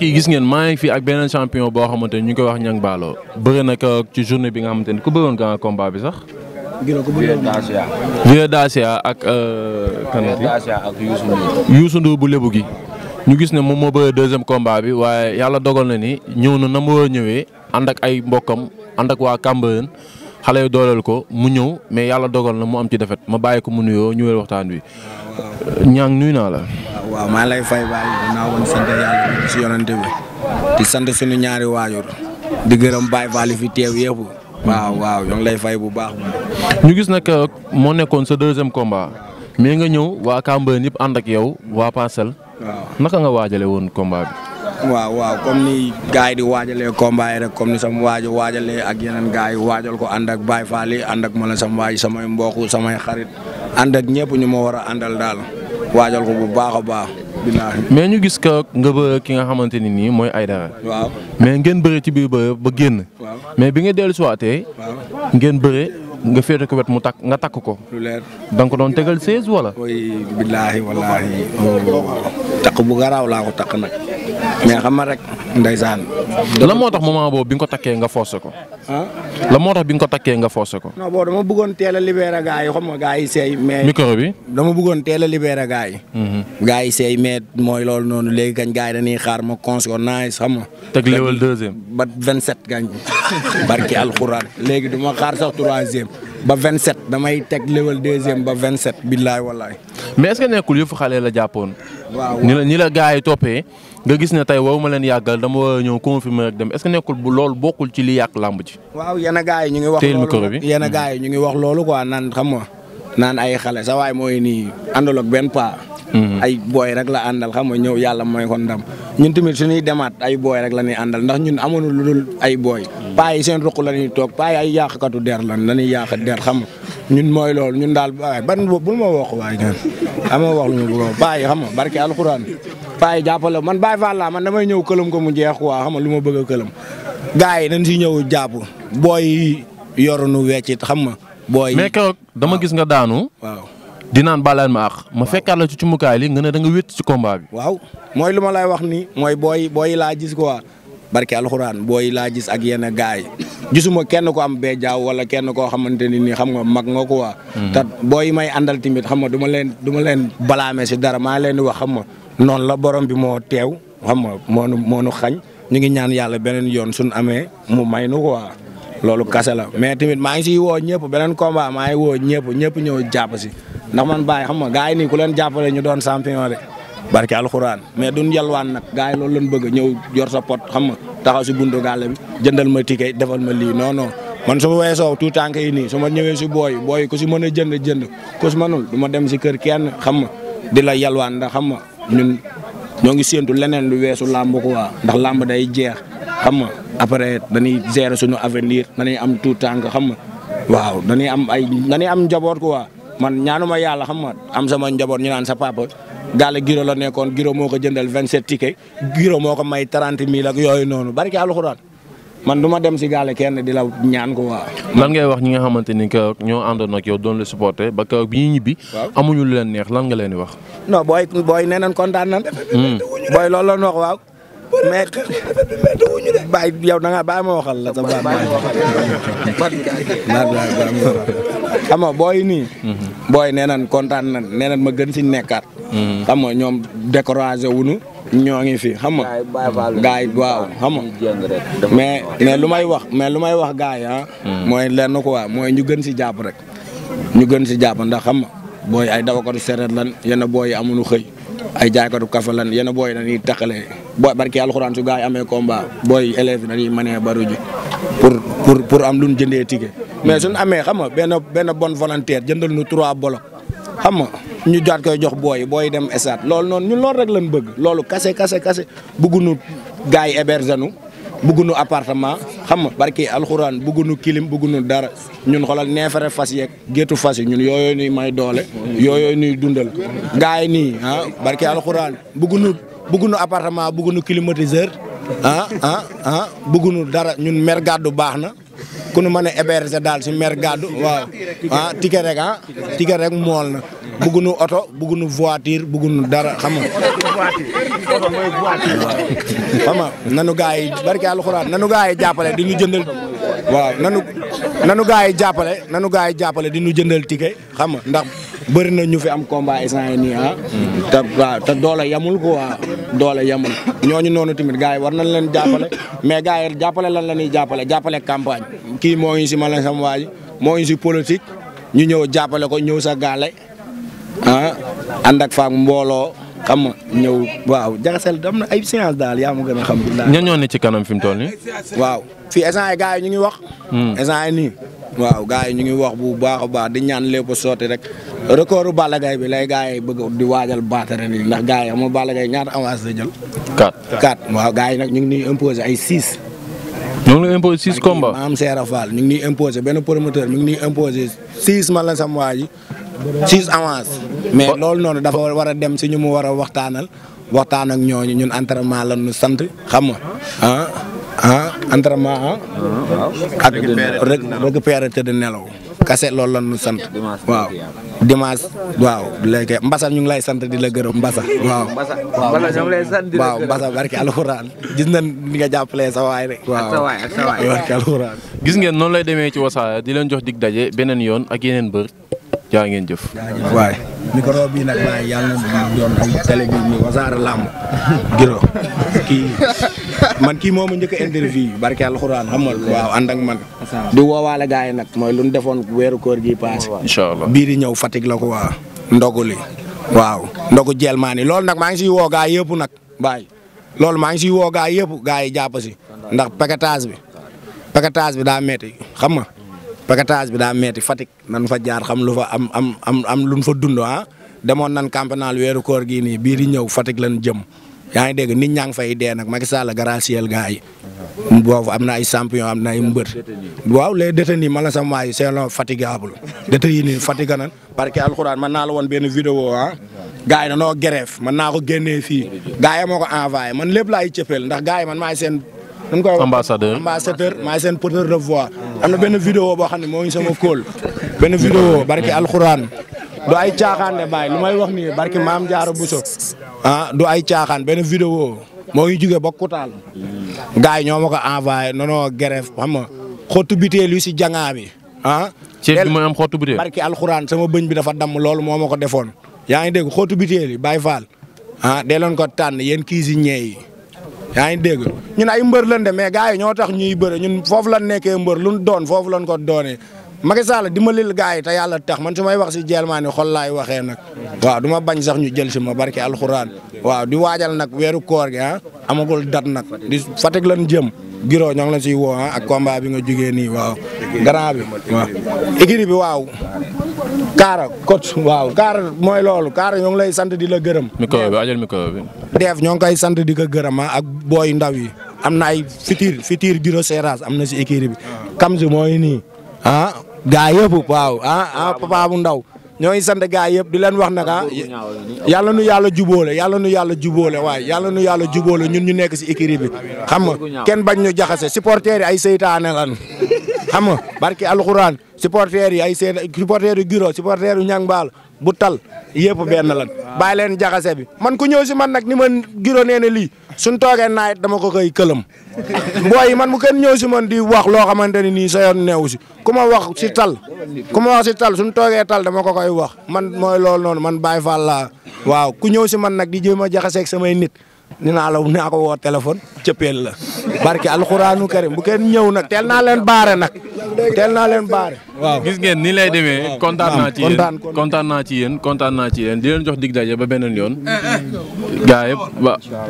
mbokk yi gis ngeen maa ngi fi ak beneen champion boo xamante ni ñu ngi koy wax Niang Ballo bëri na ko ci journée bi nga xamante ni ku bëroon grand combat bi sax. gërëm ku bëri Dacia. Vieux Dacia ak. Euh, ak Youssou Ndour. Youssou Ndour gi. ñu gis ne moom moo bëri deuxième combat bi waaye yàlla dogal na ni ñëw na na mu ñëwee ànd ak ay mbokkam ànd ak waa Cambérène xale yi dooleel ko mu ñëw mais yàlla dogal na mu am ci defet ma bàyyi ko mu nuyoo ñëwee waxtaan wi. Niang nuyu naa la. waaw maa lay fay bàyyi dinaa woon sant yàlla si yonante bi di sant suñu ñaari waajur di gërëm baay Fall fi teew yëpp waaw waaw ñoo lay fay bu baax. ñu gis nag euh, moo nekkoon sa deuxième combat mais nga ñëw waa Cambérène yëpp ànd ak yow waa Parcelles. naka nga waajale woon combat bi. waaw waaw comme ni gars yi di waajale combat rek comme ni sama waajo waajalee ak yeneen gars yi waajal ko ànd ak baay Fall yi ànd ak ma la sama waaj samay mbokk samay xarit ànd ak ñëpp ñu ma war a àndal daal. waajal ko bu baax a baax. mais ñu gis ko nga bëre ki nga xamante ni nii mooy Aidara. waaw mais ngeen bëre ci biir ba ba génn. mais bi nga dellu si waatee. ngeen bëre nga féete ko wet mu takk nga takk ko. lu leer da doon tegal 16 walla ooy billaahi wallaahi. takk bu garaaw laa ko takk nag mais xam rek. ndeysaan. lan moo tax moment boobu bi nga ko takkee nga forcé ko. la moo tax bi nga ko takkee nga forcé ko. non boobu dama bëggoon teel a libéré gars yi xam nga gars yi seey. mais micro bi. dama bëggoon teel a libéré gars yi. Mhm. gars yi seey mais mooy loolu noonu léegi kañ gars yi dañuy xaar ma cons ko naaj xam nga. teg level deuxième. ba 27 gañ barki alxuraan léegi du ma xaar sax troisième. ba 27 damay teg level deuxième ba 27 billaay wallaay. mais est-ce que nekkul yëfu xale la jàppoon. waaw ni la ni la gars yi toppee nga gis ne tey waru ma leen yàggal dama war a ñëw confirmer rek dem est nekkul bu loolu bokkul ci li yàq làmb ji. waaw yenn gars yi ñu ngi wax. loolu yenn gars yi ñu ngi wax loolu quoi naan xam nga. naan ay xale sawaay mooy nii àndal ak benn paa. Mhm. ay booy rek la àndal xam nga ñëw yàlla mooy kon dam ñun tamit suñuy demaat ay booy rek la ñuy àndal ndax ñun amoon lu ay booy. Mhm. paa yi seen ruq la ñuy toog paa yi ay yàqkatu der lan la ñuy yàq der xam nga ñun mooy loolu ñun daal waaye ban bul ma wax waaye ñun ama wax lu ma bëggoon paa yi xam nga barke alxuraan paa yi man Baye Fall laa man damay ñëw këlam ko mu jeex waa xam nga lu ma bëgg a këlam. gars yi dañ si ñëw jàpp booy yi yorunu weccit xam nga booy mais dama gis nga daanu. waaw di naan baalaan ma àq. ma fekkaat la ci cumukaay li nga ne da nga wét ci combat bi. waaw mooy lu ma lay wax ni mooy booy booy laa gis quoi. barke alxuraan booy laa gis ak yenn gaay gisuma kenn ko am bee jaaw wala kenn koo xamante ni nii xam nga mag nga ko waa hmm. te booy may àndal tamit xam nga du ma leen du ma leen balaame si dara maa leen di wax xam ma noonu la borom bi moo teew xam nga moo nu xañ ñu ngi ñaan yàlla beneen yoon suñu amee mu may nu ko waa loolu kase la mais tamit maa ngi siy woo ñëpp beneen combat maa ngi woo ñëpp ñëpp ñëw jàpp si ndax man Baye xam nga gars yi nii ku leen jàppale ñu doon champion de barke alxuraan mais duñ yalwaan nag gars yi loolu lañ bëgg ñëw yor sa pot xam nga taxaw si buntu gàlle bi jëndal ma ticket defal ma lii non non man su ma weesoo tout tànk yi nii su ma ñëwee si booy booy ku si mën a jënd jënd ku si mënul du ma dem si kër kenn xam nga di la yalwaan ndax xam nga ñun ñoo ngi séentu leneen lu weesu làmb quoi ndax làmb day jeex xam nga après dañuy gérer suñu avenir dañuy am tout tànk xam nga waaw dañuy am ay dañuy am man ñaanuma yàlla xam nga am sama njaboot ñu naan sa papa. gaale giro la nekkoon giro moo ko jëndal 27 tickets giro moo ko may 30 mille ak yooyu noonu barki alxuraan man du ma dem si gaale kenn di la ñaan ko waaw. lan ngay wax ñi nga xamante ni que ñoo àndoon ak yow doon la supporter ba kaw bi ñuy ñibbi. amuñu lu neex lan nga leen di wax. non booy booy nee nañ kontaan hmm. booy loolu mais bàyyi yow da nga bàyyi ma waxal la. bàyyi ma waxal la xam nga booy nii. booy nee nañ kontaan nañ nee nañ ma gën si nekkaat. Mm-hmm. xam nga ñoom découragé wuñu ñoo ngi fi xam nga. gaay waaw xam nga. mais mais lu may wax mais lu may wax gaay ah. Mm-hmm. mooy lenn quoi mooy ñu gën si jàpp rek. ñu gën si jàpp ndax xam nga booy ay dawakatu sereet lan yenn booy yi amuñu xëy. ay jaaykatu kafa lan yenn booy dañuy taqale booy barki alxuraan su gars yi amee combat booy élèves yi dañuy mënee baru ji pour pour pour am lu ñu jëndee ticket. mais suñu amee xam nga benn benn bonne volontaire jëndal ñu trois blocs xam nga ñu jaat koy jox booy booy dem stade loolu noonu ñun loolu rek la lañ bëgg loolu kase kase kase bëgguñu gars yi héberger nu bëggunu appartement xam nga barki alxuraan bëggunu kilim bëggunu dara ñun xoolal neefere fas yeeg geetu fas yi ñun yooyu nuy may doole yooyu nuy dundal gaay yi nii ah barki alxuraan bëggunu bëggunu appartement bëggunu climatiseur ah ah ah bëggunu dara ñun mer gàddu baax na ku nu mën a héberger daal si mer gàddu waaw ah ticket rek ah ticket rek mool na bëggunu oto bëggunu voiture bëggunu dara xam nga xam nga nanu gaa yi barke alxuraan nanu gaa yi jàppale di ñu jëndal waaw nanu nanu gars yi jàppale nanu gars yi jàppale di nu jëndal ticket xam nga ndax bëri na ñu fi am combat instant yi nii ah. te waaw te doole yamul quoi doole yamul ñooñu noonu tamit gars yi war nañ leen jàppale mais gars jàppale lan la ñuy jàppale jàppale campagne kii moo si ma la sam waa moo ngi si politique ñu ñëw jàppale ko ñëw sa gaale ah ànd ak mbooloo xam ñëw waaw jaxasel am na ay séance daal yaa ma gën a xam. ñoo ñoo ne ci kanam fi mu toll nii. waaw fii instant yi gars yi ñu ngi wax. Hmm. instant yi nii. waaw yi ñu ngi wax bu baax a baax di ñaan lépp sotti rek. recordu balagaay bi lay gars yi bëgg di waajal baatare nii ndax gars yi amul Balla Gaye ñaata avance la jël. 4 4 waaw gars yi nag ñu ngi ñuy imposer ay 6. ñu ngi lay imposer 6 combats. maam Serap ñu ngi ñuy imposer benn promoteur mi ngi ñuy imposer 6 man la sam six avance mais loolu noonu dafa war a dem si ñu mu war a waxtaanal waxtaan ak ñooñu ñun entraînement la ñu sant xam nga ah ah entraînement ah. ak récupéré tëdd nelaw. kase loolu la ñu sant. waaw dimanche. waaw léegi Mbassa ñu ngi lay sant di la gërëm Mbassa. waaw Mbassa ñu ngi lay sant di alxuraan gis nañ ni nga jàppalee sa waay waaw ak sa gis ngeen noonu lay demee ci wasaare di leen jox dig daje beneen yoon ak yeneen bër. jaa ngeen jëf. waay micro bi nag waaye yàlla na doon ay télé bi ñu wasaare làmb giro kii man kii moom a njëkk a interview barke alxuraan xamal waaw ànd man. di woowaale gars yi nag mooy lu ñu defoon weeru koor gi paase. incha allah bii di ñëw Fatick la ko waa ndoguli waaw ndogu jeel maa ni loolu nag maa ngi siy woo gars yëpp nag baay loolu maa ngi siy woo gars yëpp gars yi jàpp si ndax paquetage bi paquetage bi daa metti xam nga. paquetage bi daa metti Fatick nan fa jaar xam lu fa am am am am luñ fa dund ah demoon nan campénal weeru koor gii nii di ñëw Fatick lañ jëm yaa ngi dégg ni ñaa fa fay dee nag Macky Sall graciel gaa am na ay champion am na ay mbër waaw les détenus ma la sama waay c'est non fatigable détenus yi nii fatigant na parce que naa la woon benn vidéo ah gars yi danoo grève mën naa ko génnee fii gars yi moo ko envoyé man lépp laay ndax gars man maay seen nu koy ambassadeur ambassadeur maa seen porteur de voix. am na benn vidéo boo xam ne moo ngi sama kóol. benn vidéo barki alxuraan. du ay caaxaan de bàyyi lu may wax nii barki maam Diarra Bousso. ah du ay caaxaan benn vidéo moo ngi jugee ba Kutaal. gars yi ñoo ma ko envoyé nono greffe xam nga xottu biteel yu si jangaa bi ah. ceeb bi mooy am xottu biteel barki alxuraan sama bëñ bi dafa damm loolu moo ma ko defoon. yaa ngi dégg xottu biteel yi Baye Fall ah ko tànn yéen cuisiniers yi. yaa ngi dégg ñun ay mbër lañ de mais gars yi ñoo tax ñuy bëre ñun foofu lañ nekkee mbër luñ doon foofu lañ ko doonee Macky Sall dimbalil gars yi te yàlla tax man su may wax si Jelmaani xol laay waxee nag waaw du bañ sax ñu jël si ma barki alxuraan waaw di waajal nag weeru koor gi ah amagul dat nag di Fatick lañ jëm Giro ñoo la leen siy woo ah, ak combat bi nga jugee nii waaw. grand bi waaw équipe bi waaw. Kaara coach waaw Kaara mooy loolu Kaara ñoo lay sant di la gërëm. micro bi ajal micro bi. Def ñoo ngi koy sant di ko gërëm ah, ak booy ndaw yi am na ay fitir fitir Giro Seras am na si équipe bi. Kamzi mooy nii ah gaa yëpp waaw ah, ah papa bu ndaw. ñoo ngi sant gars yëpp di leen wax nag ah yàlla nu yàlla jubole yàlla nu yàlla jubóole waaye yàlla nu yàlla jubole ñun ñu nekk si écurie bi xam nga kenn bañ ñu jaxase supporters yi ay seytaane lan xam nga barki alxuraan supporters yi ay seytaane supporters yu Giro supporters yu baal bu tal yëpp benn lan bàyyi leen jaxase bi man ku ñëw si man nag ni man giro nee ne lii suñ toogee naayit dama ko koy këlam booy man mu kenn ñëw si man di wax loo xamante ni nii sa yoon neewu si ku ma wax si tal ku ma wax si tal suñ toogee tal dama ko koy wax man mooy loolu noonu man Baye Fall laa waaw ku ñëw si man nag di jéem a jaxaseeg samay nit ni naa la naa ko woo téléphone cëppeel la barke alxuraanu karim bu kenn ñëw nag tel naa leen baare nag teel naa leen baare waaw gis ngeen ni lay demee kontaan naa ci yéen kontaan naa ci yéen kontaan naa ci yéen di leen jox dig daje ba beneen yoon mm-hmm. gaa ba